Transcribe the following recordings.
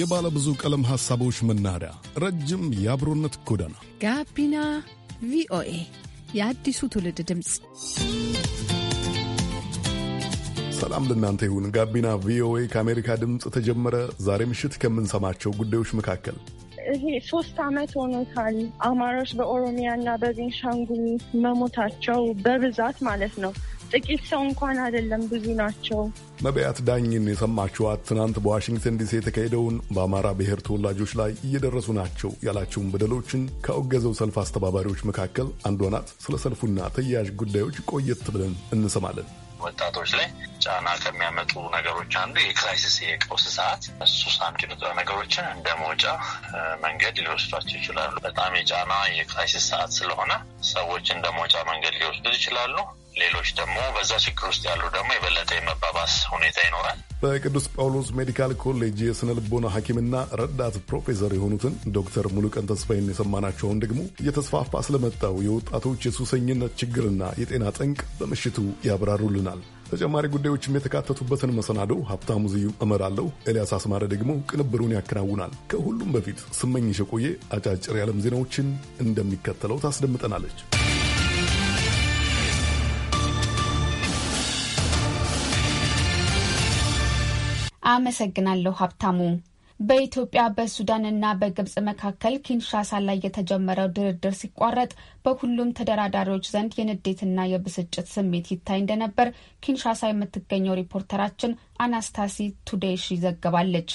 የባለ ብዙ ቀለም ሐሳቦች መናኸሪያ፣ ረጅም የአብሮነት ጎዳና ጋቢና ቪኦኤ የአዲሱ ትውልድ ድምፅ። ሰላም ለእናንተ ይሁን። ጋቢና ቪኦኤ ከአሜሪካ ድምፅ ተጀመረ። ዛሬ ምሽት ከምንሰማቸው ጉዳዮች መካከል ይሄ ሶስት ዓመት ሆኖታል አማሮች በኦሮሚያ እና በቤንሻንጉል መሞታቸው በብዛት ማለት ነው። ጥቂት ሰው እንኳን አይደለም፣ ብዙ ናቸው። መቢያት ዳኝን የሰማችኋት ትናንት በዋሽንግተን ዲሲ የተካሄደውን በአማራ ብሔር ተወላጆች ላይ እየደረሱ ናቸው ያላቸውን በደሎችን ከውገዘው ሰልፍ አስተባባሪዎች መካከል አንዷ ናት። ስለ ሰልፉና ተያያዥ ጉዳዮች ቆየት ብለን እንሰማለን። ወጣቶች ላይ ጫና ከሚያመጡ ነገሮች አንዱ የክራይሲስ የቀውስ ሰዓት እሱ ሳምጭ ንጥረ ነገሮችን እንደ መውጫ መንገድ ሊወስዷቸው ይችላሉ። በጣም የጫና የክራይሲስ ሰዓት ስለሆነ ሰዎች እንደ መውጫ መንገድ ሊወስዱ ይችላሉ። ሌሎች ደግሞ በዛ ችግር ውስጥ ያሉ ደግሞ የበለጠ የመባባስ ሁኔታ ይኖራል። በቅዱስ ጳውሎስ ሜዲካል ኮሌጅ የስነ ልቦና ሐኪምና ረዳት ፕሮፌሰር የሆኑትን ዶክተር ሙሉቀን ተስፋይን የሰማናቸውን ደግሞ እየተስፋፋ ስለመጣው የወጣቶች የሱሰኝነት ችግርና የጤና ጠንቅ በምሽቱ ያብራሩልናል። ተጨማሪ ጉዳዮችም የተካተቱበትን መሰናዶ ሀብታሙ ዝዩ እመራለሁ። ኤልያስ አስማረ ደግሞ ቅንብሩን ያከናውናል። ከሁሉም በፊት ስመኝሽ የቆየ አጫጭር የዓለም ዜናዎችን እንደሚከተለው ታስደምጠናለች። አመሰግናለሁ ሀብታሙ። በኢትዮጵያ በሱዳንና በግብጽ መካከል ኪንሻሳ ላይ የተጀመረው ድርድር ሲቋረጥ በሁሉም ተደራዳሪዎች ዘንድ የንዴትና የብስጭት ስሜት ይታይ እንደነበር ኪንሻሳ የምትገኘው ሪፖርተራችን አናስታሲ ቱዴሺ ዘግባለች።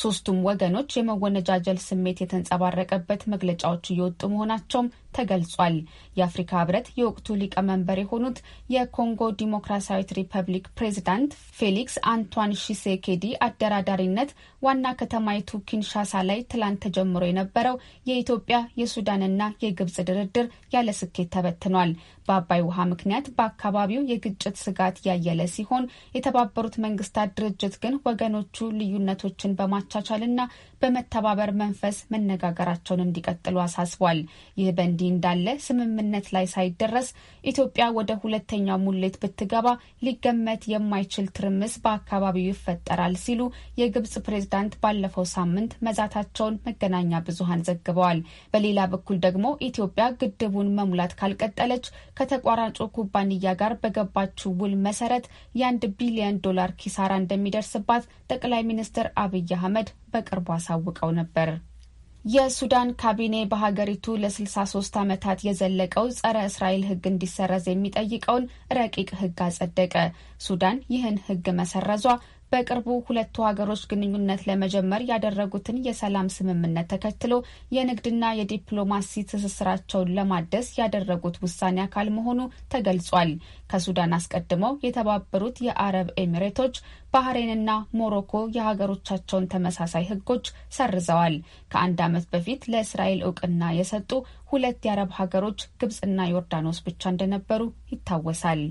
ሶስቱም ወገኖች የመወነጃጀል ስሜት የተንጸባረቀበት መግለጫዎች እየወጡ መሆናቸውም ተገልጿል። የአፍሪካ ህብረት የወቅቱ ሊቀመንበር የሆኑት የኮንጎ ዲሞክራሲያዊት ሪፐብሊክ ፕሬዚዳንት ፌሊክስ አንቷን ሺሴኬዲ አደራዳሪነት ዋና ከተማይቱ ኪንሻሳ ላይ ትላንት ተጀምሮ የነበረው የኢትዮጵያ የሱዳንና የግብጽ ድርድር ያለ ስኬት ተበትኗል። በአባይ ውሃ ምክንያት በአካባቢው የግጭት ስጋት ያየለ ሲሆን የተባበሩት መንግስታት መንግስታት ድርጅት ግን ወገኖቹ ልዩነቶችን በማቻቻልና በመተባበር መንፈስ መነጋገራቸውን እንዲቀጥሉ አሳስቧል። ይህ በእንዲህ እንዳለ ስምምነት ላይ ሳይደረስ ኢትዮጵያ ወደ ሁለተኛው ሙሌት ብትገባ ሊገመት የማይችል ትርምስ በአካባቢው ይፈጠራል ሲሉ የግብጽ ፕሬዝዳንት ባለፈው ሳምንት መዛታቸውን መገናኛ ብዙሃን ዘግበዋል። በሌላ በኩል ደግሞ ኢትዮጵያ ግድቡን መሙላት ካልቀጠለች ከተቋራጮ ኩባንያ ጋር በገባችው ውል መሰረት የአንድ ቢሊዮን ዶላር ኪሳራ እንደሚደርስባት ጠቅላይ ሚኒስትር አብይ አህመድ በቅርቡ አሳውቀው ነበር። የሱዳን ካቢኔ በሀገሪቱ ለ63 ዓመታት የዘለቀው ጸረ እስራኤል ህግ እንዲሰረዝ የሚጠይቀውን ረቂቅ ህግ አጸደቀ። ሱዳን ይህን ህግ መሰረዟ በቅርቡ ሁለቱ ሀገሮች ግንኙነት ለመጀመር ያደረጉትን የሰላም ስምምነት ተከትሎ የንግድና የዲፕሎማሲ ትስስራቸውን ለማደስ ያደረጉት ውሳኔ አካል መሆኑ ተገልጿል። ከሱዳን አስቀድመው የተባበሩት የአረብ ኤሚሬቶች ባህሬንና ሞሮኮ የሀገሮቻቸውን ተመሳሳይ ሕጎች ሰርዘዋል። ከአንድ ዓመት በፊት ለእስራኤል እውቅና የሰጡ ሁለት የአረብ ሀገሮች ግብጽና ዮርዳኖስ ብቻ እንደነበሩ ይታወሳል።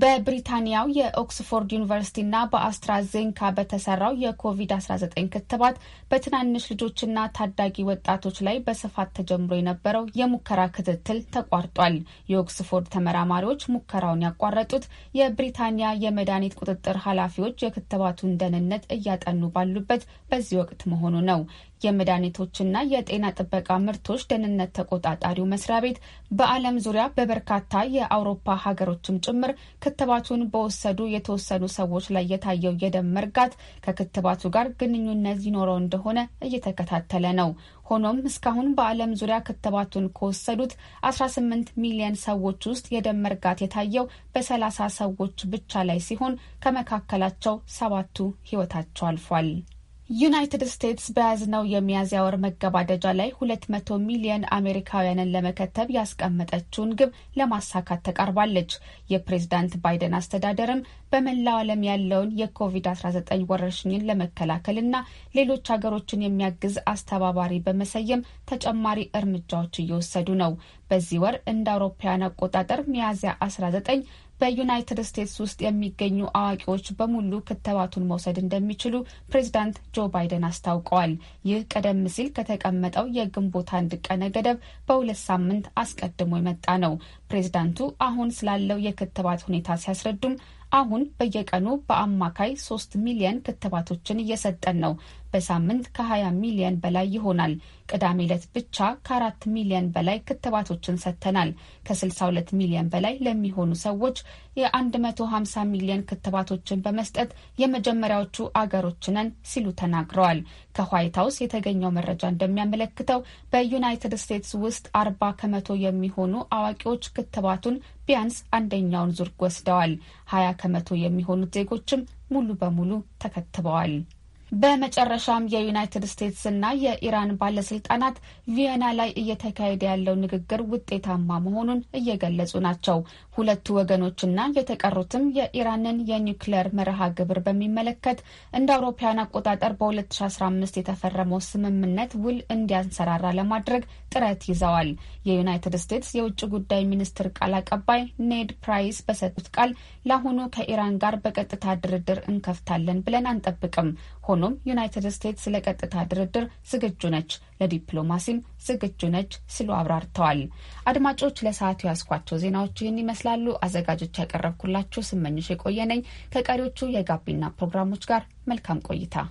በብሪታንያው የኦክስፎርድ ዩኒቨርሲቲና በአስትራዜንካ በተሰራው የኮቪድ-19 ክትባት በትናንሽ ልጆችና ታዳጊ ወጣቶች ላይ በስፋት ተጀምሮ የነበረው የሙከራ ክትትል ተቋርጧል። የኦክስፎርድ ተመራማሪዎች ሙከራውን ያቋረጡት የብሪታንያ የመድኃኒት ቁጥጥር ኃላፊዎች የክትባቱን ደህንነት እያጠኑ ባሉበት በዚህ ወቅት መሆኑ ነው። የመድኃኒቶችና የጤና ጥበቃ ምርቶች ደህንነት ተቆጣጣሪው መስሪያ ቤት በዓለም ዙሪያ በበርካታ የአውሮፓ ሀገሮችም ጭምር ክትባቱን በወሰዱ የተወሰኑ ሰዎች ላይ የታየው የደም መርጋት ከክትባቱ ጋር ግንኙነት ይኖረው እንደሆነ እየተከታተለ ነው። ሆኖም እስካሁን በዓለም ዙሪያ ክትባቱን ከወሰዱት 18 ሚሊየን ሰዎች ውስጥ የደም መርጋት የታየው በ30 ሰዎች ብቻ ላይ ሲሆን ከመካከላቸው ሰባቱ ሕይወታቸው አልፏል። ዩናይትድ ስቴትስ በያዝነው የሚያዝያ ወር መገባደጃ ላይ ሁለት መቶ ሚሊየን አሜሪካውያንን ለመከተብ ያስቀመጠችውን ግብ ለማሳካት ተቃርባለች። የፕሬዝዳንት ባይደን አስተዳደርም በመላው ዓለም ያለውን የኮቪድ-19 ወረርሽኝን ለመከላከልና ሌሎች ሀገሮችን የሚያግዝ አስተባባሪ በመሰየም ተጨማሪ እርምጃዎች እየወሰዱ ነው። በዚህ ወር እንደ አውሮፓውያን አቆጣጠር ሚያዝያ 19 በዩናይትድ ስቴትስ ውስጥ የሚገኙ አዋቂዎች በሙሉ ክትባቱን መውሰድ እንደሚችሉ ፕሬዚዳንት ጆ ባይደን አስታውቀዋል። ይህ ቀደም ሲል ከተቀመጠው የግንቦት አንድ ቀነ ገደብ በሁለት ሳምንት አስቀድሞ የመጣ ነው። ፕሬዚዳንቱ አሁን ስላለው የክትባት ሁኔታ ሲያስረዱም አሁን በየቀኑ በአማካይ ሶስት ሚሊየን ክትባቶችን እየሰጠን ነው። በሳምንት ከ20 ሚሊየን በላይ ይሆናል። ቅዳሜ ዕለት ብቻ ከአራት ሚሊየን በላይ ክትባቶችን ሰጥተናል። ከ62 ሚሊየን በላይ ለሚሆኑ ሰዎች የ150 ሚሊየን ክትባቶችን በመስጠት የመጀመሪያዎቹ አገሮች ነን ሲሉ ተናግረዋል። ከዋይት ሀውስ የተገኘው መረጃ እንደሚያመለክተው በዩናይትድ ስቴትስ ውስጥ 40 ከመቶ የሚሆኑ አዋቂዎች ክትባቱን ቢያንስ አንደኛውን ዙር ወስደዋል። 20 ከመቶ የሚሆኑት ዜጎችም ሙሉ በሙሉ ተከትበዋል። በመጨረሻም የዩናይትድ ስቴትስ እና የኢራን ባለስልጣናት ቪየና ላይ እየተካሄደ ያለው ንግግር ውጤታማ መሆኑን እየገለጹ ናቸው። ሁለቱ ወገኖችና የተቀሩትም የኢራንን የኒውክሌር መርሃ ግብር በሚመለከት እንደ አውሮፓውያን አቆጣጠር በ2015 የተፈረመው ስምምነት ውል እንዲያንሰራራ ለማድረግ ጥረት ይዘዋል። የዩናይትድ ስቴትስ የውጭ ጉዳይ ሚኒስትር ቃል አቀባይ ኔድ ፕራይስ በሰጡት ቃል ለአሁኑ ከኢራን ጋር በቀጥታ ድርድር እንከፍታለን ብለን አንጠብቅም ሆኖም ዩናይትድ ስቴትስ ለቀጥታ ድርድር ዝግጁ ነች፣ ለዲፕሎማሲም ዝግጁ ነች ሲሉ አብራርተዋል። አድማጮች፣ ለሰዓቱ ያስኳቸው ዜናዎች ይህን ይመስላሉ። አዘጋጆች ያቀረብኩላችሁ ስመኝሽ የቆየ ነኝ። ከቀሪዎቹ የጋቢና ፕሮግራሞች ጋር መልካም ቆይታ።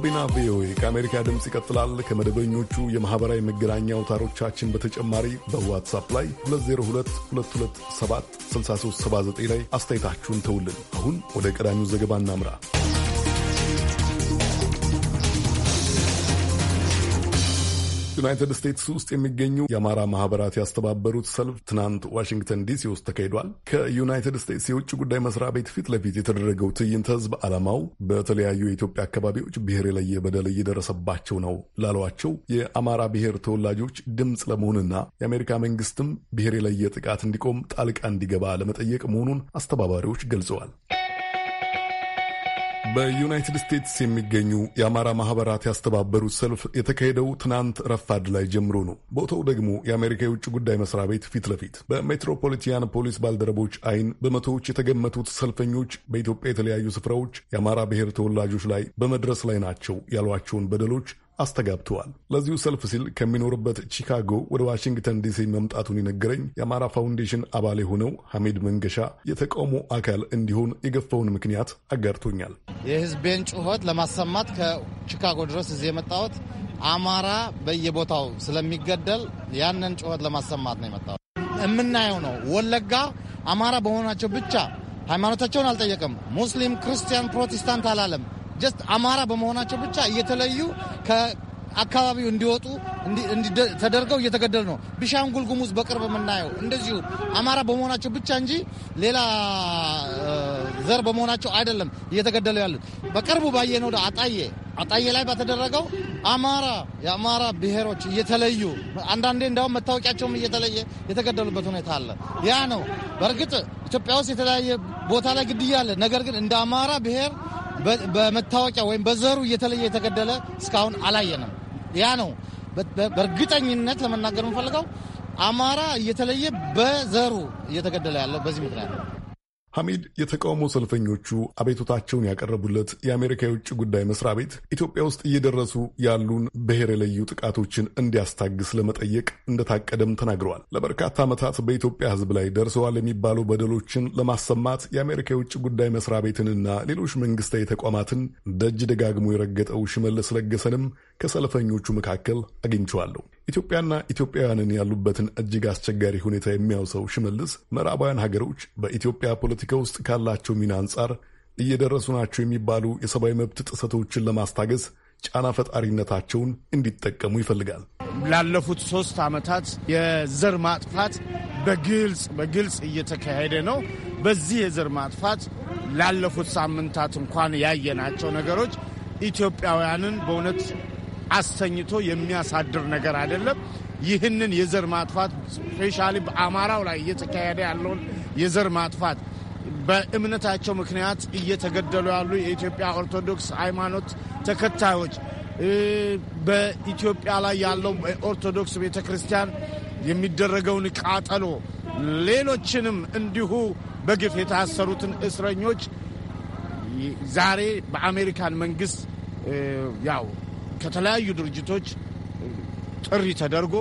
ጋቢና ቪኦኤ ከአሜሪካ ድምፅ ይቀጥላል። ከመደበኞቹ የማኅበራዊ መገናኛ አውታሮቻችን በተጨማሪ በዋትሳፕ ላይ 2022276379 ላይ አስተያየታችሁን ተውልን። አሁን ወደ ቀዳሚው ዘገባ እናምራ። ዩናይትድ ስቴትስ ውስጥ የሚገኙ የአማራ ማህበራት ያስተባበሩት ሰልፍ ትናንት ዋሽንግተን ዲሲ ውስጥ ተካሂዷል። ከዩናይትድ ስቴትስ የውጭ ጉዳይ መስሪያ ቤት ፊት ለፊት የተደረገው ትዕይንተ ህዝብ ዓላማው በተለያዩ የኢትዮጵያ አካባቢዎች ብሔር የለየ በደል እየደረሰባቸው ነው ላሏቸው የአማራ ብሔር ተወላጆች ድምፅ ለመሆንና የአሜሪካ መንግስትም ብሔር የለየ ጥቃት እንዲቆም ጣልቃ እንዲገባ ለመጠየቅ መሆኑን አስተባባሪዎች ገልጸዋል። በዩናይትድ ስቴትስ የሚገኙ የአማራ ማህበራት ያስተባበሩት ሰልፍ የተካሄደው ትናንት ረፋድ ላይ ጀምሮ ነው። ቦታው ደግሞ የአሜሪካ የውጭ ጉዳይ መስሪያ ቤት ፊት ለፊት በሜትሮፖሊቲያን ፖሊስ ባልደረቦች አይን በመቶዎች የተገመቱት ሰልፈኞች በኢትዮጵያ የተለያዩ ስፍራዎች የአማራ ብሔር ተወላጆች ላይ በመድረስ ላይ ናቸው ያሏቸውን በደሎች አስተጋብተዋል። ለዚሁ ሰልፍ ሲል ከሚኖርበት ቺካጎ ወደ ዋሽንግተን ዲሲ መምጣቱን የነገረኝ የአማራ ፋውንዴሽን አባል የሆነው ሐሜድ መንገሻ የተቃውሞ አካል እንዲሆን የገፋውን ምክንያት አጋርቶኛል። የህዝቤን ጩኸት ለማሰማት ከቺካጎ ድረስ እዚህ የመጣሁት አማራ በየቦታው ስለሚገደል ያንን ጩኸት ለማሰማት ነው የመጣሁት። የምናየው ነው ወለጋ አማራ በመሆናቸው ብቻ ሃይማኖታቸውን አልጠየቅም። ሙስሊም፣ ክርስቲያን፣ ፕሮቴስታንት አላለም። ጀስት አማራ በመሆናቸው ብቻ እየተለዩ አካባቢው እንዲወጡ ተደርገው እየተገደሉ ነው። ቢሻንጉል ጉሙዝ በቅርብ የምናየው እንደዚሁ አማራ በመሆናቸው ብቻ እንጂ ሌላ ዘር በመሆናቸው አይደለም እየተገደሉ ያሉት። በቅርቡ ባየነው አጣዬ አጣዬ ላይ በተደረገው አማራ የአማራ ብሔሮች እየተለዩ አንዳንዴ እንዲያውም መታወቂያቸውም እየተለየ የተገደሉበት ሁኔታ አለ። ያ ነው በእርግጥ ኢትዮጵያ ውስጥ የተለያየ ቦታ ላይ ግድያ አለ። ነገር ግን እንደ አማራ ብሔር በመታወቂያ ወይም በዘሩ እየተለየ የተገደለ እስካሁን አላየንም። ያ ነው በእርግጠኝነት ለመናገር የምፈልገው። አማራ እየተለየ በዘሩ እየተገደለ ያለው በዚህ ምክንያት ነው። ሐሚድ የተቃውሞ ሰልፈኞቹ አቤቱታቸውን ያቀረቡለት የአሜሪካ የውጭ ጉዳይ መስሪያ ቤት ኢትዮጵያ ውስጥ እየደረሱ ያሉን ብሔር የለዩ ጥቃቶችን እንዲያስታግስ ለመጠየቅ እንደታቀደም ተናግረዋል። ለበርካታ ዓመታት በኢትዮጵያ ሕዝብ ላይ ደርሰዋል የሚባሉ በደሎችን ለማሰማት የአሜሪካ የውጭ ጉዳይ መስሪያ ቤትንና ሌሎች መንግስታዊ ተቋማትን ደጅ ደጋግሞ የረገጠው ሽመልስ ለገሰንም ከሰልፈኞቹ መካከል አግኝቸዋለሁ። ኢትዮጵያና ኢትዮጵያውያንን ያሉበትን እጅግ አስቸጋሪ ሁኔታ የሚያውሰው ሽመልስ ምዕራባውያን ሀገሮች በኢትዮጵያ ፖለቲካ ውስጥ ካላቸው ሚና አንጻር እየደረሱ ናቸው የሚባሉ የሰብአዊ መብት ጥሰቶችን ለማስታገስ ጫና ፈጣሪነታቸውን እንዲጠቀሙ ይፈልጋል። ላለፉት ሶስት ዓመታት የዘር ማጥፋት በግልጽ በግልጽ እየተካሄደ ነው። በዚህ የዘር ማጥፋት ላለፉት ሳምንታት እንኳን ያየናቸው ነገሮች ኢትዮጵያውያንን በእውነት አሰኝቶ የሚያሳድር ነገር አይደለም። ይህንን የዘር ማጥፋት ስፔሻሊ በአማራው ላይ እየተካሄደ ያለውን የዘር ማጥፋት በእምነታቸው ምክንያት እየተገደሉ ያሉ የኢትዮጵያ ኦርቶዶክስ ሃይማኖት ተከታዮች በኢትዮጵያ ላይ ያለው ኦርቶዶክስ ቤተ ክርስቲያን የሚደረገውን ቃጠሎ፣ ሌሎችንም እንዲሁ በግፍ የታሰሩትን እስረኞች ዛሬ በአሜሪካን መንግስት ያው ከተለያዩ ድርጅቶች ጥሪ ተደርጎ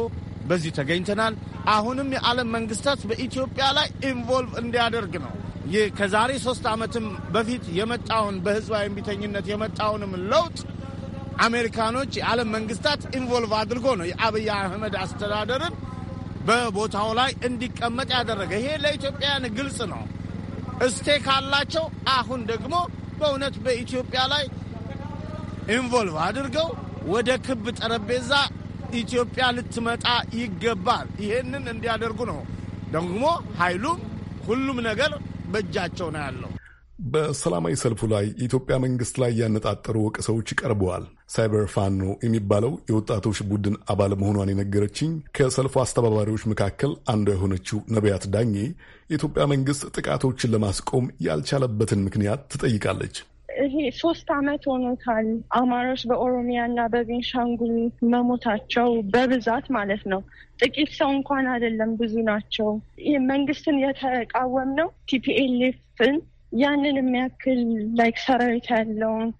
በዚህ ተገኝተናል። አሁንም የዓለም መንግስታት በኢትዮጵያ ላይ ኢንቮልቭ እንዲያደርግ ነው። ይህ ከዛሬ ሶስት ዓመትም በፊት የመጣውን በህዝባዊ እምቢተኝነት የመጣውንም ለውጥ አሜሪካኖች የዓለም መንግስታት ኢንቮልቭ አድርጎ ነው የአብይ አህመድ አስተዳደርን በቦታው ላይ እንዲቀመጥ ያደረገ። ይሄ ለኢትዮጵያውያን ግልጽ ነው። እስቴ ካላቸው አሁን ደግሞ በእውነት በኢትዮጵያ ላይ ኢንቮልቭ አድርገው ወደ ክብ ጠረጴዛ ኢትዮጵያ ልትመጣ ይገባል። ይሄንን እንዲያደርጉ ነው። ደግሞ ኃይሉም ሁሉም ነገር በእጃቸው ነው ያለው። በሰላማዊ ሰልፉ ላይ የኢትዮጵያ መንግስት ላይ ያነጣጠሩ ወቀሳዎች ቀርበዋል። ሳይበር ፋኖ የሚባለው የወጣቶች ቡድን አባል መሆኗን የነገረችኝ ከሰልፉ አስተባባሪዎች መካከል አንዷ የሆነችው ነቢያት ዳኜ የኢትዮጵያ መንግስት ጥቃቶችን ለማስቆም ያልቻለበትን ምክንያት ትጠይቃለች። ይሄ ሶስት አመት ሆኖታል አማሮች በኦሮሚያ እና በቤንሻንጉል መሞታቸው በብዛት ማለት ነው። ጥቂት ሰው እንኳን አይደለም፣ ብዙ ናቸው። መንግስትን የተቃወም ነው ቲፒኤልፍን ያንን የሚያክል ላይክ ሰራዊት ያለውን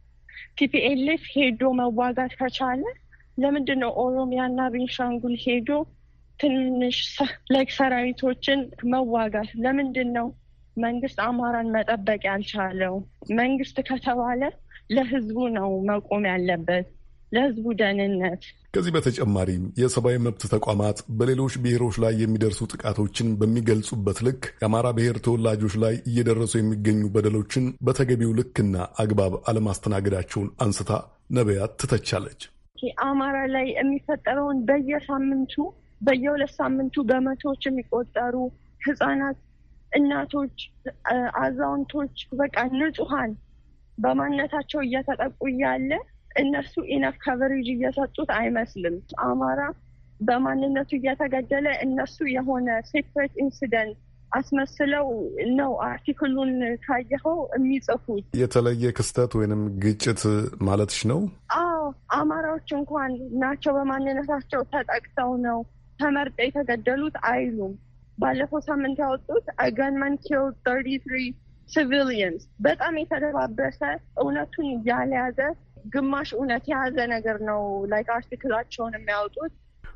ቲፒኤልፍ ሄዶ መዋጋት ከቻለ ለምንድን ነው ኦሮሚያ ቤንሻንጉል ሄዶ ትንንሽ ላይክ ሰራዊቶችን መዋጋት ለምንድን ነው መንግስት አማራን መጠበቅ ያልቻለው መንግስት ከተባለ ለህዝቡ ነው መቆም ያለበት ለህዝቡ ደህንነት። ከዚህ በተጨማሪም የሰብአዊ መብት ተቋማት በሌሎች ብሔሮች ላይ የሚደርሱ ጥቃቶችን በሚገልጹበት ልክ የአማራ ብሔር ተወላጆች ላይ እየደረሱ የሚገኙ በደሎችን በተገቢው ልክና አግባብ አለማስተናገዳቸውን አንስታ ነቢያት ትተቻለች። አማራ ላይ የሚፈጠረውን በየሳምንቱ በየሁለት ሳምንቱ በመቶዎች የሚቆጠሩ ህጻናት እናቶች፣ አዛውንቶች በቃ ንጹሀን በማንነታቸው እየተጠቁ እያለ እነሱ ኢነፍ ከቨሬጅ እየሰጡት አይመስልም። አማራ በማንነቱ እየተገደለ እነሱ የሆነ ሴፕሬት ኢንሲደንት አስመስለው ነው አርቲክሉን ካየኸው የሚጽፉት። የተለየ ክስተት ወይንም ግጭት ማለትሽ ነው? አዎ አማራዎች እንኳን ናቸው በማንነታቸው ተጠቅተው ነው ተመርጠው የተገደሉት አይሉም። ባለፈው ሳምንት ያወጡት አገንመን ኪል ተርቲ ትሪ ሲቪሊየንስ በጣም የተደባበሰ እውነቱን ያልያዘ ግማሽ እውነት የያዘ ነገር ነው። ላይክ አርቲክላቸውን የሚያወጡት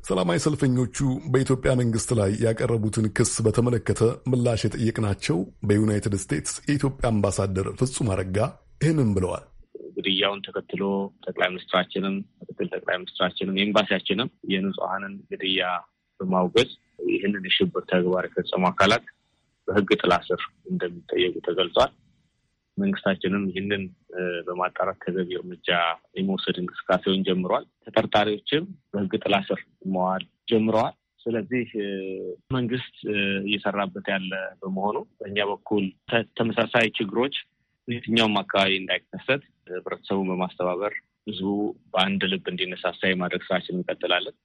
ሰላማዊ ሰልፈኞቹ በኢትዮጵያ መንግስት ላይ ያቀረቡትን ክስ በተመለከተ ምላሽ የጠየቅናቸው በዩናይትድ ስቴትስ የኢትዮጵያ አምባሳደር ፍጹም አረጋ ይህንን ብለዋል። ግድያውን ተከትሎ ጠቅላይ ሚኒስትራችንም ምክትል ጠቅላይ ሚኒስትራችንም ኤምባሲያችንም የንጹሐንን ግድያ በማውገዝ ይህንን የሽብር ተግባር የፈጸሙ አካላት በህግ ጥላ ስር እንደሚጠየቁ ተገልጿል። መንግስታችንም ይህንን በማጣራት ተገቢ እርምጃ የመውሰድ እንቅስቃሴውን ጀምሯል። ተጠርጣሪዎችም በህግ ጥላ ስር መዋል ጀምረዋል። ስለዚህ መንግስት እየሰራበት ያለ በመሆኑ በእኛ በኩል ተመሳሳይ ችግሮች የትኛውም አካባቢ እንዳይከሰት ህብረተሰቡን በማስተባበር ህዝቡ በአንድ ልብ እንዲነሳሳ የማድረግ ስራችን እንቀጥላለን።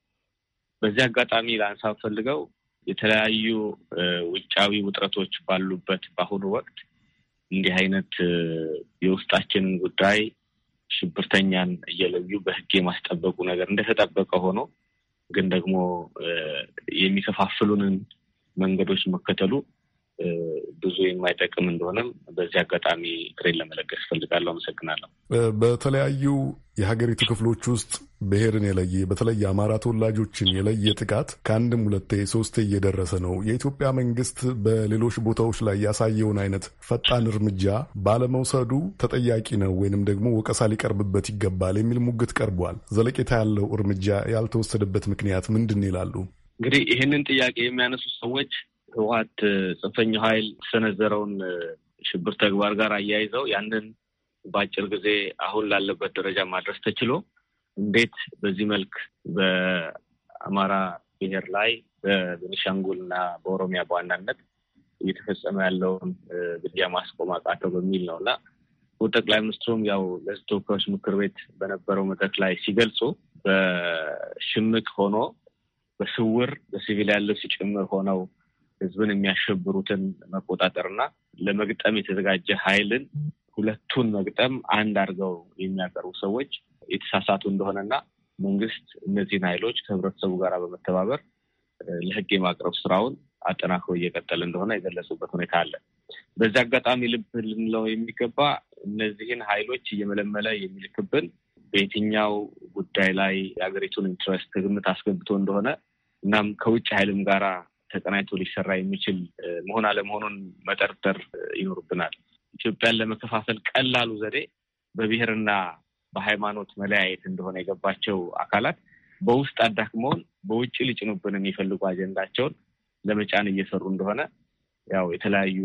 በዚህ አጋጣሚ ለአንሳ ፈልገው የተለያዩ ውጫዊ ውጥረቶች ባሉበት በአሁኑ ወቅት እንዲህ አይነት የውስጣችንን ጉዳይ ሽብርተኛን እየለዩ በህግ የማስጠበቁ ነገር እንደተጠበቀ ሆኖ ግን ደግሞ የሚከፋፍሉንን መንገዶች መከተሉ ብዙ የማይጠቅም እንደሆነም በዚህ አጋጣሚ ክሬን ለመለገስ እፈልጋለሁ። አመሰግናለሁ። በተለያዩ የሀገሪቱ ክፍሎች ውስጥ ብሔርን የለየ በተለይ አማራ ተወላጆችን የለየ ጥቃት ከአንድም ሁለቴ ሶስቴ እየደረሰ ነው። የኢትዮጵያ መንግስት በሌሎች ቦታዎች ላይ ያሳየውን አይነት ፈጣን እርምጃ ባለመውሰዱ ተጠያቂ ነው ወይንም ደግሞ ወቀሳ ሊቀርብበት ይገባል የሚል ሙግት ቀርቧል። ዘለቄታ ያለው እርምጃ ያልተወሰደበት ምክንያት ምንድን ይላሉ? እንግዲህ ይህንን ጥያቄ የሚያነሱ ሰዎች ህወሀት ጽንፈኛው ኃይል የተሰነዘረውን ሽብር ተግባር ጋር አያይዘው ያንን በአጭር ጊዜ አሁን ላለበት ደረጃ ማድረስ ተችሎ እንዴት በዚህ መልክ በአማራ ብሔር ላይ በቤኒሻንጉል እና በኦሮሚያ በዋናነት እየተፈጸመ ያለውን ግድያ ማስቆም አቃተው በሚል ነው እና ጠቅላይ ሚኒስትሩም ያው ለህዝብ ተወካዮች ምክር ቤት በነበረው መድረክ ላይ ሲገልጹ በሽምቅ ሆኖ በስውር በሲቪል ያለው ሲጭምር ሆነው ህዝብን የሚያሸብሩትን መቆጣጠርና ለመግጠም የተዘጋጀ ኃይልን ሁለቱን መግጠም አንድ አድርገው የሚያቀርቡ ሰዎች የተሳሳቱ እንደሆነና መንግስት እነዚህን ኃይሎች ከህብረተሰቡ ጋር በመተባበር ለህግ የማቅረብ ስራውን አጠናክሮ እየቀጠለ እንደሆነ የገለጹበት ሁኔታ አለ። በዚህ አጋጣሚ ልብ ልንለው የሚገባ እነዚህን ኃይሎች እየመለመለ የሚልክብን በየትኛው ጉዳይ ላይ የሀገሪቱን ኢንትረስት ግምት አስገብቶ እንደሆነ እናም ከውጭ ኃይልም ጋራ ተቀናጅቶ ሊሰራ የሚችል መሆን አለመሆኑን መጠርጠር ይኖርብናል። ኢትዮጵያን ለመከፋፈል ቀላሉ ዘዴ በብሔርና በሃይማኖት መለያየት እንደሆነ የገባቸው አካላት በውስጥ አዳክመውን በውጭ ሊጭኑብን የሚፈልጉ አጀንዳቸውን ለመጫን እየሰሩ እንደሆነ ያው የተለያዩ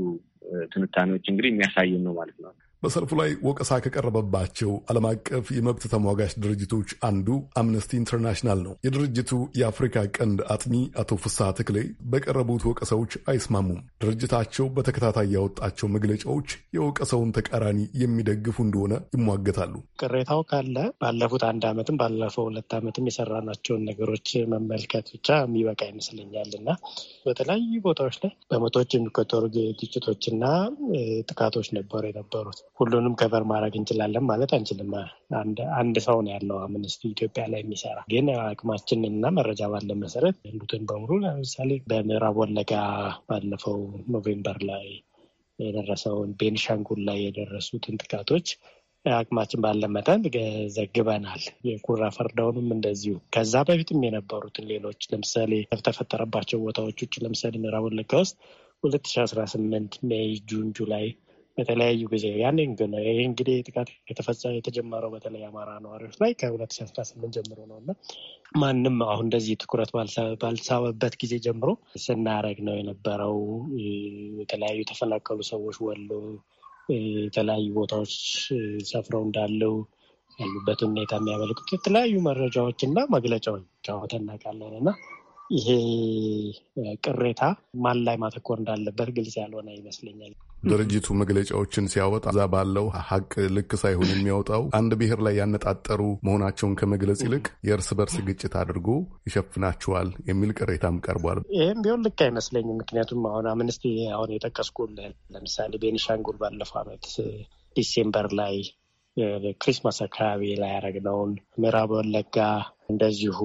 ትንታኔዎች እንግዲህ የሚያሳይን ነው ማለት ነው። በሰልፉ ላይ ወቀሳ ከቀረበባቸው ዓለም አቀፍ የመብት ተሟጋች ድርጅቶች አንዱ አምነስቲ ኢንተርናሽናል ነው። የድርጅቱ የአፍሪካ ቀንድ አጥኚ አቶ ፍስሐ ተክሌ በቀረቡት ወቀሳዎች አይስማሙም። ድርጅታቸው በተከታታይ ያወጣቸው መግለጫዎች የወቀሳውን ተቃራኒ የሚደግፉ እንደሆነ ይሟገታሉ። ቅሬታው ካለ ባለፉት አንድ ዓመትም ባለፈው ሁለት ዓመትም የሰራናቸውን ነገሮች መመልከት ብቻ የሚበቃ ይመስለኛል እና በተለያዩ ቦታዎች ላይ በመቶዎች የሚቆጠሩ ግጭቶችና ጥቃቶች ነበሩ የነበሩት ሁሉንም ከበር ማድረግ እንችላለን ማለት አንችልም። አንድ ሰው ነው ያለው አምነስቲ ኢትዮጵያ ላይ የሚሰራ ግን አቅማችን እና መረጃ ባለ መሰረት ያሉትን በሙሉ ለምሳሌ በምዕራብ ወለጋ ባለፈው ኖቬምበር ላይ የደረሰውን ቤንሻንጉል ላይ የደረሱትን ጥቃቶች አቅማችን ባለ መጠን ዘግበናል። የኩራ ፈርዳውንም እንደዚሁ ከዛ በፊትም የነበሩትን ሌሎች ለምሳሌ ከተፈጠረባቸው ቦታዎች ውጭ ለምሳሌ ምዕራብ ወለጋ ውስጥ ሁለት ሺ አስራ ስምንት ሜይ ጁን ጁላይ በተለያዩ ጊዜ ያኔ ግን ይህ እንግዲህ ጥቃት የተጀመረው በተለይ አማራ ነዋሪዎች ላይ ከ2018 ጀምሮ ነው እና ማንም አሁን እንደዚህ ትኩረት ባልሳበበት ጊዜ ጀምሮ ስናረግ ነው የነበረው። የተለያዩ የተፈናቀሉ ሰዎች ወሎ የተለያዩ ቦታዎች ሰፍረው እንዳለው ያሉበት ሁኔታ የሚያመለክቱ የተለያዩ መረጃዎች እና መግለጫዎች አውጥተን እናውቃለን እና ይሄ ቅሬታ ማን ላይ ማተኮር እንዳለበት ግልጽ ያልሆነ ይመስለኛል። ድርጅቱ መግለጫዎችን ሲያወጣ እዛ ባለው ሀቅ ልክ ሳይሆን የሚያወጣው አንድ ብሔር ላይ ያነጣጠሩ መሆናቸውን ከመግለጽ ይልቅ የእርስ በርስ ግጭት አድርጎ ይሸፍናቸዋል የሚል ቅሬታም ቀርቧል። ይህም ቢሆን ልክ አይመስለኝም። ምክንያቱም አሁን አምንስቲ አሁን የጠቀስኩ ለምሳሌ ቤኒሻንጉል ባለፈው ዓመት ዲሴምበር ላይ ክሪስማስ አካባቢ ላይ ያደረግነውን ምዕራብ ወለጋ እንደዚሁ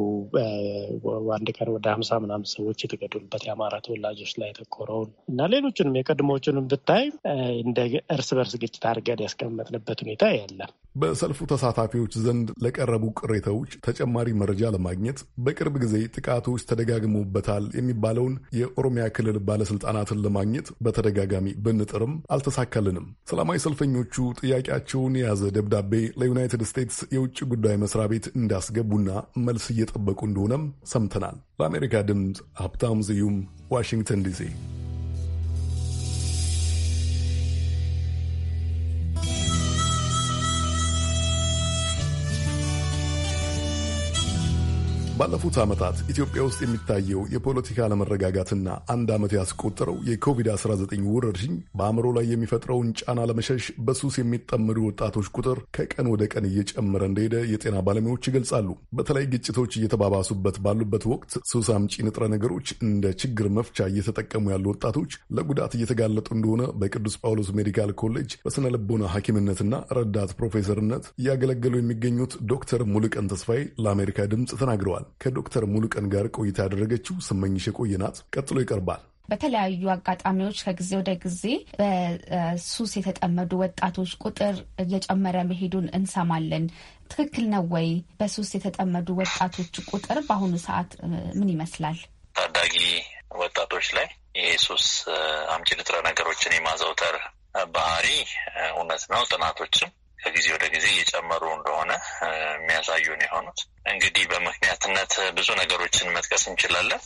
አንድ ቀን ወደ ሀምሳ ምናምን ሰዎች የተገደሉበት የአማራ ተወላጆች ላይ የተኮረውን እና ሌሎችንም የቀድሞዎችንም ብታይ እንደ እርስ በርስ ግጭት አድርገን ያስቀመጥንበት ሁኔታ የለም። በሰልፉ ተሳታፊዎች ዘንድ ለቀረቡ ቅሬታዎች ተጨማሪ መረጃ ለማግኘት በቅርብ ጊዜ ጥቃቶች ተደጋግሞበታል የሚባለውን የኦሮሚያ ክልል ባለስልጣናትን ለማግኘት በተደጋጋሚ ብንጥርም አልተሳካልንም። ሰላማዊ ሰልፈኞቹ ጥያቄያቸውን የያዘ ደብዳቤ ለዩናይትድ ስቴትስ የውጭ ጉዳይ መስሪያ ቤት እንዳስገቡና መልስ እየጠበቁ እንደሆነም ሰምተናል። ለአሜሪካ ድምፅ ሀብታም ዝዩም ዋሽንግተን ዲሲ ባለፉት ዓመታት ኢትዮጵያ ውስጥ የሚታየው የፖለቲካ አለመረጋጋትና አንድ ዓመት ያስቆጠረው የኮቪድ-19 ወረርሽኝ በአእምሮ ላይ የሚፈጥረውን ጫና ለመሸሽ በሱስ የሚጠመዱ ወጣቶች ቁጥር ከቀን ወደ ቀን እየጨመረ እንደሄደ የጤና ባለሙያዎች ይገልጻሉ። በተለይ ግጭቶች እየተባባሱበት ባሉበት ወቅት ሱስ አምጪ ንጥረ ነገሮች እንደ ችግር መፍቻ እየተጠቀሙ ያሉ ወጣቶች ለጉዳት እየተጋለጡ እንደሆነ በቅዱስ ጳውሎስ ሜዲካል ኮሌጅ በሥነ ልቦና ሐኪምነትና ረዳት ፕሮፌሰርነት እያገለገሉ የሚገኙት ዶክተር ሙሉቀን ተስፋዬ ለአሜሪካ ድምፅ ተናግረዋል። ከዶክተር ሙሉቀን ጋር ቆይታ ያደረገችው ስመኝሽ የቆየናት ቀጥሎ ይቀርባል። በተለያዩ አጋጣሚዎች ከጊዜ ወደ ጊዜ በሱስ የተጠመዱ ወጣቶች ቁጥር እየጨመረ መሄዱን እንሰማለን። ትክክል ነው ወይ? በሱስ የተጠመዱ ወጣቶች ቁጥር በአሁኑ ሰዓት ምን ይመስላል? ታዳጊ ወጣቶች ላይ የሱስ ሱስ አምጪ ንጥረ ነገሮችን የማዘውተር ባህሪ እውነት ነው። ጥናቶችም ከጊዜ ወደ ጊዜ እየጨመሩ እንደሆነ የሚያሳዩን የሆኑት እንግዲህ በምክንያትነት ብዙ ነገሮችን መጥቀስ እንችላለን።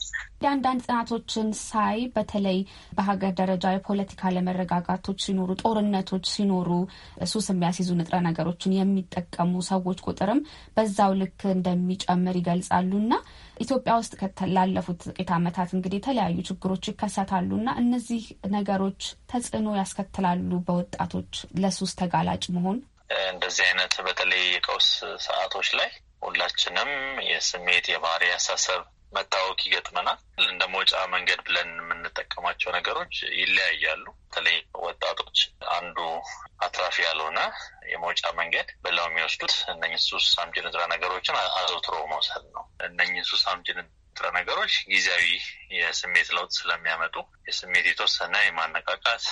የአንዳንድ ጥናቶችን ሳይ በተለይ በሀገር ደረጃ የፖለቲካ አለመረጋጋቶች ሲኖሩ፣ ጦርነቶች ሲኖሩ ሱስ የሚያስይዙ ንጥረ ነገሮችን የሚጠቀሙ ሰዎች ቁጥርም በዛው ልክ እንደሚጨምር ይገልጻሉ እና ኢትዮጵያ ውስጥ ላለፉት ጥቂት ዓመታት እንግዲህ የተለያዩ ችግሮች ይከሰታሉ እና እነዚህ ነገሮች ተጽዕኖ ያስከትላሉ በወጣቶች ለሱስ ተጋላጭ መሆን። እንደዚህ አይነት በተለይ የቀውስ ሰዓቶች ላይ ሁላችንም የስሜት የባህሪ አሳሰብ መታወክ ይገጥመናል። እንደ መውጫ መንገድ ብለን የምንጠቀማቸው ነገሮች ይለያያሉ። በተለይ ወጣቶች አንዱ አትራፊ ያልሆነ የመውጫ መንገድ ብለው የሚወስዱት እነኝህ ሱስ አምጪ ንጥረ ነገሮችን አዘውትሮ መውሰድ ነው። እነኝህ ሱስ አምጪ ንጥረ ነገሮች ጊዜያዊ የስሜት ለውጥ ስለሚያመጡ የስሜት የተወሰነ የማነቃቃት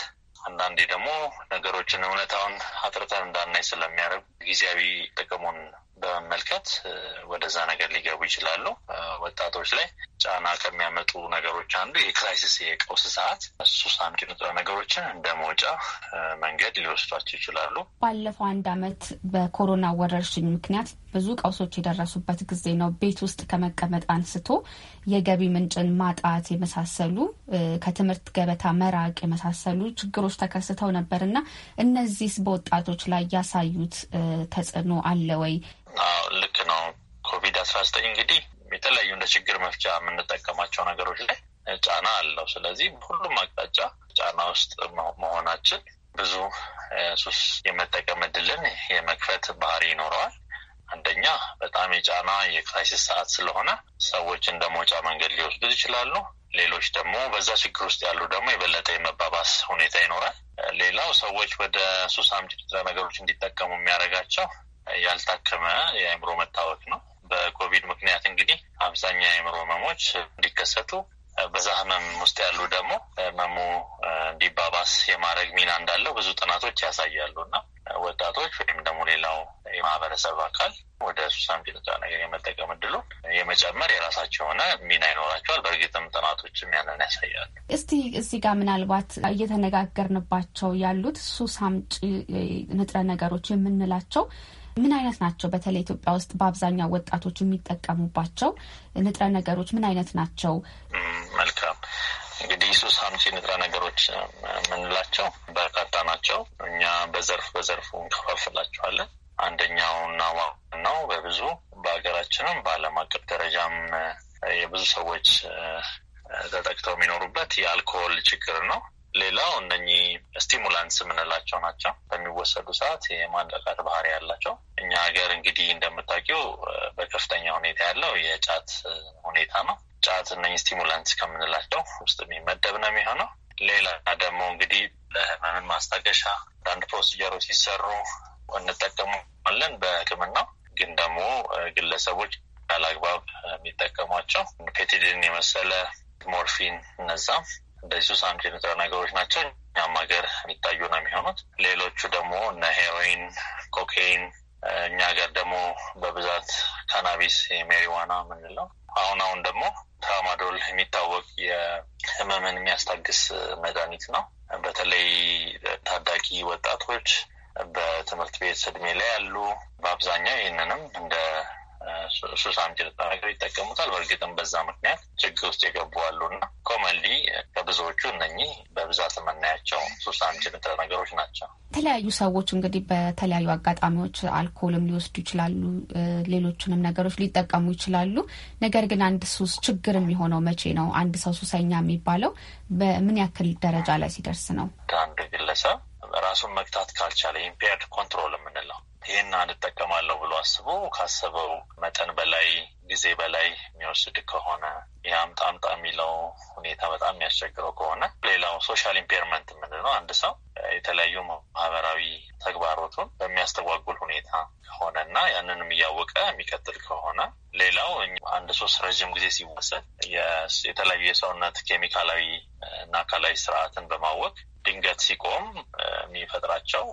አንዳንዴ ደግሞ ነገሮችን እውነታውን አጥርተን እንዳናይ ስለሚያደርጉ ጊዜያዊ ጥቅሙን በመመልከት ወደዛ ነገር ሊገቡ ይችላሉ። ወጣቶች ላይ ጫና ከሚያመጡ ነገሮች አንዱ የክራይሲስ የቀውስ ሰዓት ሱስ አምጪ ንጥረ ነገሮችን እንደ መውጫ መንገድ ሊወስዷቸው ይችላሉ። ባለፈው አንድ ዓመት በኮሮና ወረርሽኝ ምክንያት ብዙ ቀውሶች የደረሱበት ጊዜ ነው። ቤት ውስጥ ከመቀመጥ አንስቶ የገቢ ምንጭን ማጣት የመሳሰሉ ከትምህርት ገበታ መራቅ የመሳሰሉ ችግሮች ተከስተው ነበር እና እነዚህስ በወጣቶች ላይ ያሳዩት ተጽዕኖ አለ ወይ? ልክ ነው። ኮቪድ አስራ ዘጠኝ እንግዲህ የተለያዩ እንደ ችግር መፍቻ የምንጠቀማቸው ነገሮች ላይ ጫና አለው። ስለዚህ ሁሉም አቅጣጫ ጫና ውስጥ መሆናችን ብዙ ሱስ የመጠቀም እድልን የመክፈት ባህሪ ይኖረዋል። አንደኛ በጣም የጫና የክራይሲስ ሰዓት ስለሆነ ሰዎች እንደ መውጫ መንገድ ሊወስዱ ይችላሉ። ሌሎች ደግሞ በዛ ችግር ውስጥ ያሉ ደግሞ የበለጠ የመባባስ ሁኔታ ይኖራል። ሌላው ሰዎች ወደ ሱስ አምጪ ንጥረ ነገሮች እንዲጠቀሙ የሚያደርጋቸው ያልታከመ የአእምሮ መታወክ ነው። በኮቪድ ምክንያት እንግዲህ አብዛኛው የአእምሮ ህመሞች እንዲከሰቱ በዛ ህመም ውስጥ ያሉ ደግሞ ህመሙ እንዲባባስ የማድረግ ሚና እንዳለው ብዙ ጥናቶች ያሳያሉ እና ወጣቶች ወይም ደግሞ ሌላው የማህበረሰብ አካል ወደ ሱሳን ጭንጫ ነገር የመጠቀም እድሉ የመጨመር የራሳቸው የሆነ ሚና ይኖራቸዋል። በእርግጥም ጥናቶችም ያንን ያሳያሉ። እስቲ እዚህ ጋር ምናልባት እየተነጋገርንባቸው ያሉት ሱስ አምጪ ንጥረ ነገሮች የምንላቸው ምን አይነት ናቸው? በተለይ ኢትዮጵያ ውስጥ በአብዛኛው ወጣቶች የሚጠቀሙባቸው ንጥረ ነገሮች ምን አይነት ናቸው? መልካም እንግዲህ ሱስ አምጪ ንጥረ ነገሮች የምንላቸው በርካታ ናቸው። እኛ በዘርፍ በዘርፉ እንከፋፍላቸዋለን። አንደኛውና ዋናው በብዙ በሀገራችንም በዓለም አቀፍ ደረጃም የብዙ ሰዎች ተጠቅተው የሚኖሩበት የአልኮል ችግር ነው። ሌላው እነኚህ ስቲሙላንስ የምንላቸው ናቸው። በሚወሰዱ ሰዓት የማነቃቃት ባህሪ ያላቸው። እኛ ሀገር እንግዲህ እንደምታውቂው በከፍተኛ ሁኔታ ያለው የጫት ሁኔታ ነው። ጫት እነኚህ ስቲሙላንስ ከምንላቸው ውስጥ የሚመደብ ነው የሚሆነው። ሌላ ደግሞ እንግዲህ ለህመምን ማስታገሻ አንዳንድ ፕሮሲጀሮች ሲሰሩ እንጠቀመዋለን በህክምናው ግን ደግሞ ግለሰቦች ያለ አግባብ የሚጠቀሟቸው ፔቲድን የመሰለ ሞርፊን እነዛም እንደዚሁ ሳንድ ንጥረ ነገሮች ናቸው። እኛም ሀገር የሚታዩ ነው የሚሆኑት። ሌሎቹ ደግሞ እነ ሄሮይን፣ ኮካይን እኛ ሀገር ደግሞ በብዛት ካናቢስ የሜሪዋና የምንለው አሁን አሁን ደግሞ ትራማዶል የሚታወቅ የህመምን የሚያስታግስ መድኃኒት ነው። በተለይ ታዳጊ ወጣቶች በትምህርት ቤት እድሜ ላይ ያሉ በአብዛኛው ይህንንም እንደ ሱሳን ነገር ይጠቀሙታል። በእርግጥም በዛ ምክንያት ችግር ውስጥ የገቡ አሉ እና ኮመንሊ ከብዙዎቹ እነኚህ በብዛት የምናያቸው ሱሳን ንጥረ ነገሮች ናቸው። የተለያዩ ሰዎች እንግዲህ በተለያዩ አጋጣሚዎች አልኮልም ሊወስዱ ይችላሉ፣ ሌሎችንም ነገሮች ሊጠቀሙ ይችላሉ። ነገር ግን አንድ ሱስ ችግር የሚሆነው መቼ ነው? አንድ ሰው ሱሰኛ የሚባለው በምን ያክል ደረጃ ላይ ሲደርስ ነው? አንድ ግለሰብ ራሱን መግታት ካልቻለ ኢምፔርድ ኮንትሮል የምንለው ይህን እንጠቀማለሁ ብሎ አስቦ ካሰበው መጠን በላይ ጊዜ በላይ የሚወስድ ከሆነ የአምጣ የሚለው ሁኔታ በጣም የሚያስቸግረው ከሆነ ሌላው ሶሻል ኢምፔርመንት የምንለው አንድ ሰው የተለያዩ ማህበራዊ ተግባሮቱን በሚያስተጓጉል ሁኔታ ከሆነ እና ያንንም እያወቀ የሚቀጥል ከሆነ ሌላው አንድ ሶስት ረዥም ጊዜ ሲወሰድ የተለያዩ የሰውነት ኬሚካላዊ እና አካላዊ ስርዓትን በማወቅ ድንገት ሲቆም የሚፈጥራቸው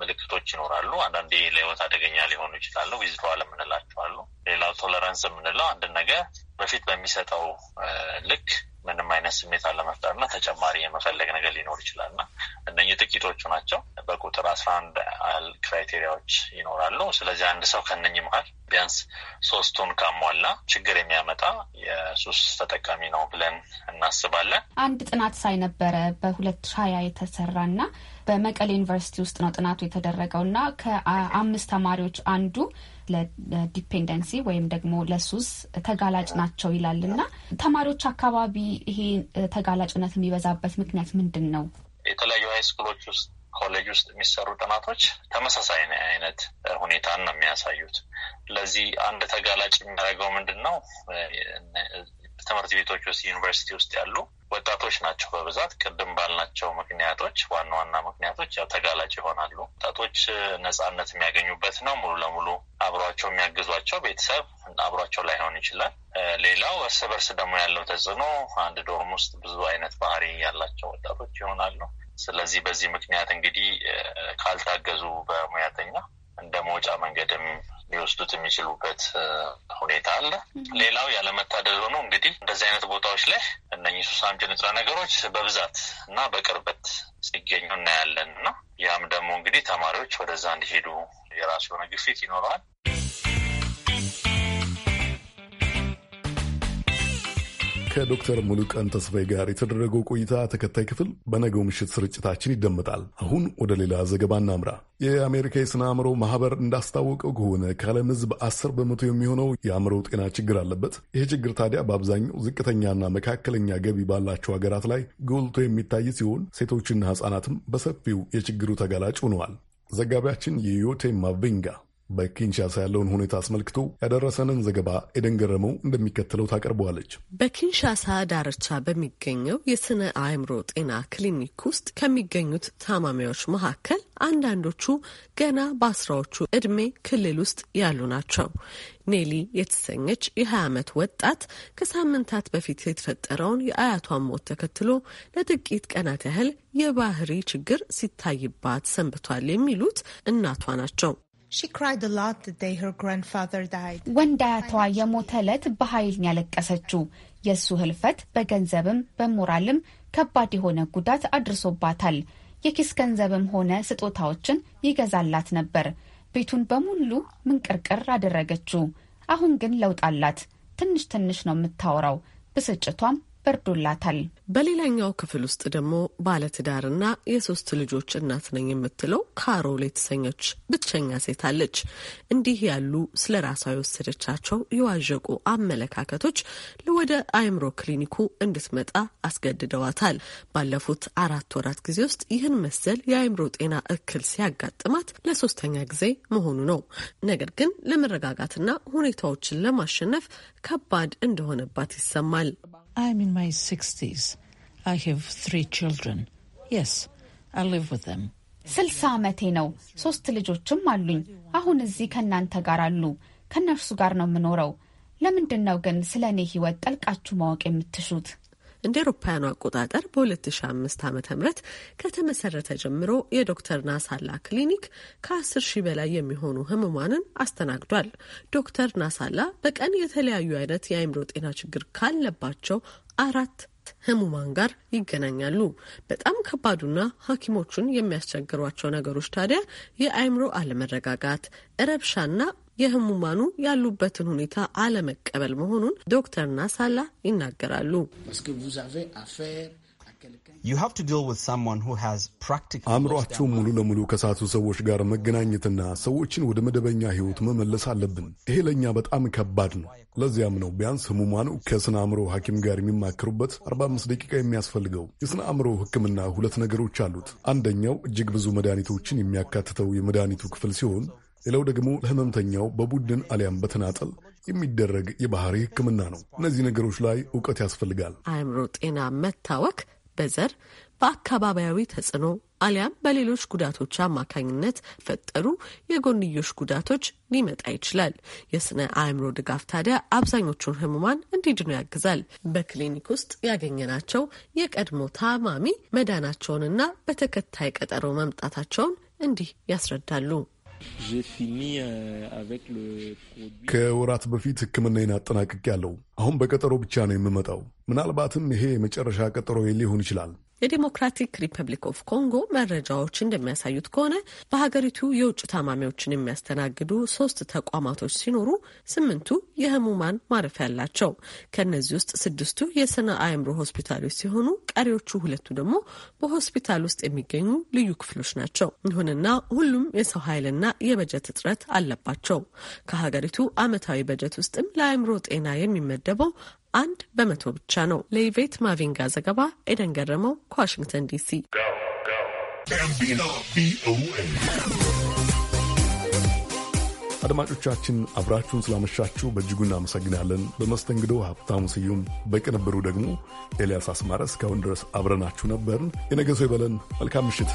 ምልክቶች ይኖራሉ። አንዳንዴ ለህይወት አደገኛ ሊሆኑ ይችላሉ። ዊዝድሮዋል የምንላቸዋሉ። ሌላው ቶለራንስ የምንለው አንድ ነገር በፊት በሚሰጠው ልክ ምንም አይነት ስሜት አለመፍጠር እና ተጨማሪ የመፈለግ ነገር ሊኖር ይችላል እና እነኚህ ጥቂቶቹ ናቸው። በቁጥር አስራ አንድ አል ክራይቴሪያዎች ይኖራሉ። ስለዚህ አንድ ሰው ከነኚህ መሀል ቢያንስ ሶስቱን ካሟላ ችግር የሚያመጣ የሱስ ተጠቃሚ ነው ብለን እናስባለን። አንድ ጥናት ሳይነበረ በሁለት ሀያ የተሰራ እና በመቀሌ ዩኒቨርሲቲ ውስጥ ነው ጥናቱ የተደረገው እና ከአምስት ተማሪዎች አንዱ ለዲፔንደንሲ ወይም ደግሞ ለሱስ ተጋላጭ ናቸው ይላል እና ተማሪዎች አካባቢ ይሄ ተጋላጭነት የሚበዛበት ምክንያት ምንድን ነው? የተለያዩ ሃይስኩሎች ውስጥ ኮሌጅ ውስጥ የሚሰሩ ጥናቶች ተመሳሳይ አይነት ሁኔታን ነው የሚያሳዩት። ለዚህ አንድ ተጋላጭ የሚያደርገው ምንድን ነው? ትምህርት ቤቶች ውስጥ ዩኒቨርሲቲ ውስጥ ያሉ ወጣቶች ናቸው በብዛት ቅድም ባልናቸው ምክንያቶች ዋና ዋና ምክንያቶች ያው ተጋላጭ ይሆናሉ። ወጣቶች ነጻነት የሚያገኙበት ነው። ሙሉ ለሙሉ አብሯቸው የሚያግዟቸው ቤተሰብ አብሯቸው ላይሆን ይችላል። ሌላው እርስ በርስ ደግሞ ያለው ተጽዕኖ አንድ ዶርም ውስጥ ብዙ አይነት ባህሪ ያላቸው ወጣቶች ይሆናሉ። ስለዚህ በዚህ ምክንያት እንግዲህ ካልታገዙ በሙያተኛ እንደ መውጫ መንገድም ሊወስዱት የሚችሉበት ሁኔታ አለ። ሌላው ያለመታደል ሆኖ እንግዲህ እንደዚህ አይነት ቦታዎች ላይ እነኚህ ሱስ አምጪ ንጥረ ነገሮች በብዛት እና በቅርበት ሲገኙ እናያለን እና ያም ደግሞ እንግዲህ ተማሪዎች ወደዛ እንዲሄዱ የራሱ የሆነ ግፊት ይኖረዋል። ከዶክተር ሙሉቀን ተስፋዬ ጋር የተደረገው ቆይታ ተከታይ ክፍል በነገው ምሽት ስርጭታችን ይደመጣል። አሁን ወደ ሌላ ዘገባ እናምራ። የአሜሪካ የስነ አእምሮ ማህበር እንዳስታወቀው ከሆነ ከዓለም ሕዝብ አስር በመቶ የሚሆነው የአእምሮ ጤና ችግር አለበት። ይህ ችግር ታዲያ በአብዛኛው ዝቅተኛና መካከለኛ ገቢ ባላቸው ሀገራት ላይ ጎልቶ የሚታይ ሲሆን ሴቶችና ሕጻናትም በሰፊው የችግሩ ተጋላጭ ሆነዋል። ዘጋቢያችን የዮቴ ማቬንጋ በኪንሻሳ ያለውን ሁኔታ አስመልክቶ ያደረሰንን ዘገባ ኤደን ገረመው እንደሚከተለው ታቀርበዋለች። በኪንሻሳ ዳርቻ በሚገኘው የስነ አእምሮ ጤና ክሊኒክ ውስጥ ከሚገኙት ታማሚዎች መካከል አንዳንዶቹ ገና በአስራዎቹ እድሜ ክልል ውስጥ ያሉ ናቸው። ኔሊ የተሰኘች የ20 ዓመት ወጣት ከሳምንታት በፊት የተፈጠረውን የአያቷን ሞት ተከትሎ ለጥቂት ቀናት ያህል የባህሪ ችግር ሲታይባት ሰንብቷል የሚሉት እናቷ ናቸው። ወንድ አያቷ የሞተ ዕለት በኃይል ያለቀሰችው የእሱ ህልፈት በገንዘብም በሞራልም ከባድ የሆነ ጉዳት አድርሶባታል። የኪስ ገንዘብም ሆነ ስጦታዎችን ይገዛላት ነበር። ቤቱን በሙሉ ምንቅርቅር አደረገችው። አሁን ግን ለውጣላት። አላት። ትንሽ ትንሽ ነው የምታወራው። ብስጭቷም በርዶላታል። በሌላኛው ክፍል ውስጥ ደግሞ ባለትዳርና የሶስት ልጆች እናት ነኝ የምትለው ካሮል የተሰኘች ብቸኛ ሴት አለች። እንዲህ ያሉ ስለ ራሷ የወሰደቻቸው የዋዠቁ አመለካከቶች ወደ አእምሮ ክሊኒኩ እንድትመጣ አስገድደዋታል። ባለፉት አራት ወራት ጊዜ ውስጥ ይህን መሰል የአእምሮ ጤና እክል ሲያጋጥማት ለሶስተኛ ጊዜ መሆኑ ነው። ነገር ግን ለመረጋጋትና ሁኔታዎችን ለማሸነፍ ከባድ እንደሆነባት ይሰማል። I'm in my 60s. I have three children. Yes, I live with them. ስልሳ ዓመቴ ነው። ሶስት ልጆችም አሉኝ። አሁን እዚህ ከእናንተ ጋር አሉ። ከእነርሱ ጋር ነው የምኖረው። ለምንድን ነው ግን ስለ እኔ ሕይወት ጠልቃችሁ ማወቅ የምትሹት? እንደ ኤሮፓያኑ አቆጣጠር በ2005 ዓ ም ከተመሰረተ ጀምሮ የዶክተር ናሳላ ክሊኒክ ከ10 ሺህ በላይ የሚሆኑ ህሙማንን አስተናግዷል። ዶክተር ናሳላ በቀን የተለያዩ አይነት የአይምሮ ጤና ችግር ካለባቸው አራት ህሙማን ጋር ይገናኛሉ። በጣም ከባዱና ሐኪሞቹን የሚያስቸግሯቸው ነገሮች ታዲያ የአእምሮ አለመረጋጋት፣ ረብሻና የህሙማኑ ያሉበትን ሁኔታ አለመቀበል መሆኑን ዶክተር ናሳላ ይናገራሉ። አእምሯቸው ሙሉ ለሙሉ ከሳቱ ሰዎች ጋር መገናኘትና ሰዎችን ወደ መደበኛ ሕይወት መመለስ አለብን። ይሄ ለእኛ በጣም ከባድ ነው። ለዚያም ነው ቢያንስ ህሙማኑ ከስነ አእምሮ ሐኪም ጋር የሚማክሩበት 45 ደቂቃ የሚያስፈልገው። የስነ አእምሮ ሕክምና ሁለት ነገሮች አሉት። አንደኛው እጅግ ብዙ መድኃኒቶችን የሚያካትተው የመድኃኒቱ ክፍል ሲሆን ሌላው ደግሞ ለህመምተኛው በቡድን አሊያም በተናጠል የሚደረግ የባህሪ ህክምና ነው። እነዚህ ነገሮች ላይ እውቀት ያስፈልጋል። አእምሮ ጤና መታወክ በዘር በአካባቢያዊ ተጽዕኖ አሊያም በሌሎች ጉዳቶች አማካኝነት ፈጠሩ የጎንዮሽ ጉዳቶች ሊመጣ ይችላል። የስነ አእምሮ ድጋፍ ታዲያ አብዛኞቹን ህሙማን እንዲድኑ ያግዛል። በክሊኒክ ውስጥ ያገኘናቸው የቀድሞ ታማሚ መዳናቸውንና በተከታይ ቀጠሮ መምጣታቸውን እንዲህ ያስረዳሉ። Euh, ከወራት በፊት ሕክምናዬን ያለው አሁን በቀጠሮ ብቻ ነው የምመጣው። ምናልባትም ይሄ የመጨረሻ ቀጠሮ ሊሆን ይችላል። የዴሞክራቲክ ሪፐብሊክ ኦፍ ኮንጎ መረጃዎች እንደሚያሳዩት ከሆነ በሀገሪቱ የውጭ ታማሚዎችን የሚያስተናግዱ ሶስት ተቋማቶች ሲኖሩ ስምንቱ የህሙማን ማረፊያ አላቸው። ከእነዚህ ውስጥ ስድስቱ የስነ አእምሮ ሆስፒታሎች ሲሆኑ ቀሪዎቹ ሁለቱ ደግሞ በሆስፒታል ውስጥ የሚገኙ ልዩ ክፍሎች ናቸው። ይሁንና ሁሉም የሰው ኃይልና የበጀት እጥረት አለባቸው። ከሀገሪቱ አመታዊ በጀት ውስጥም ለአእምሮ ጤና የሚመደበው አንድ በመቶ ብቻ ነው። ለኢቬት ማቪንጋ ዘገባ ኤደን ገረመው ከዋሽንግተን ዲሲ። አድማጮቻችን አብራችሁን ስላመሻችሁ በእጅጉ እናመሰግናለን። በመስተንግዶ ሀብታሙ ስዩም፣ በቅንብሩ ደግሞ ኤልያስ አስማረ። እስካሁን ድረስ አብረናችሁ ነበርን። የነገ ሰው ይበለን። መልካም ምሽት።